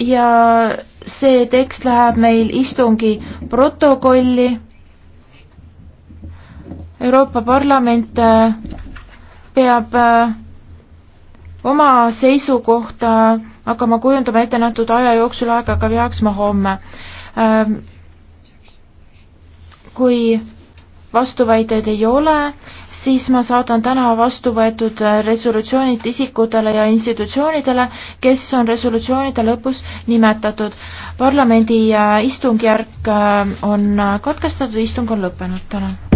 ja see tekst läheb meil istungi protokolli. Euroopa Parlament äh, peab äh, oma seisukohta hakkama kujundama ettenähtud aja jooksul aega ka peaksma homme. Ähm, kui vastuväiteid ei ole, siis ma saadan täna vastu võetud resolutsioonid isikutele ja institutsioonidele, kes on resolutsioonide lõpus nimetatud. parlamendi äh, istungjärk äh, on katkestatud, istung on lõppenud täna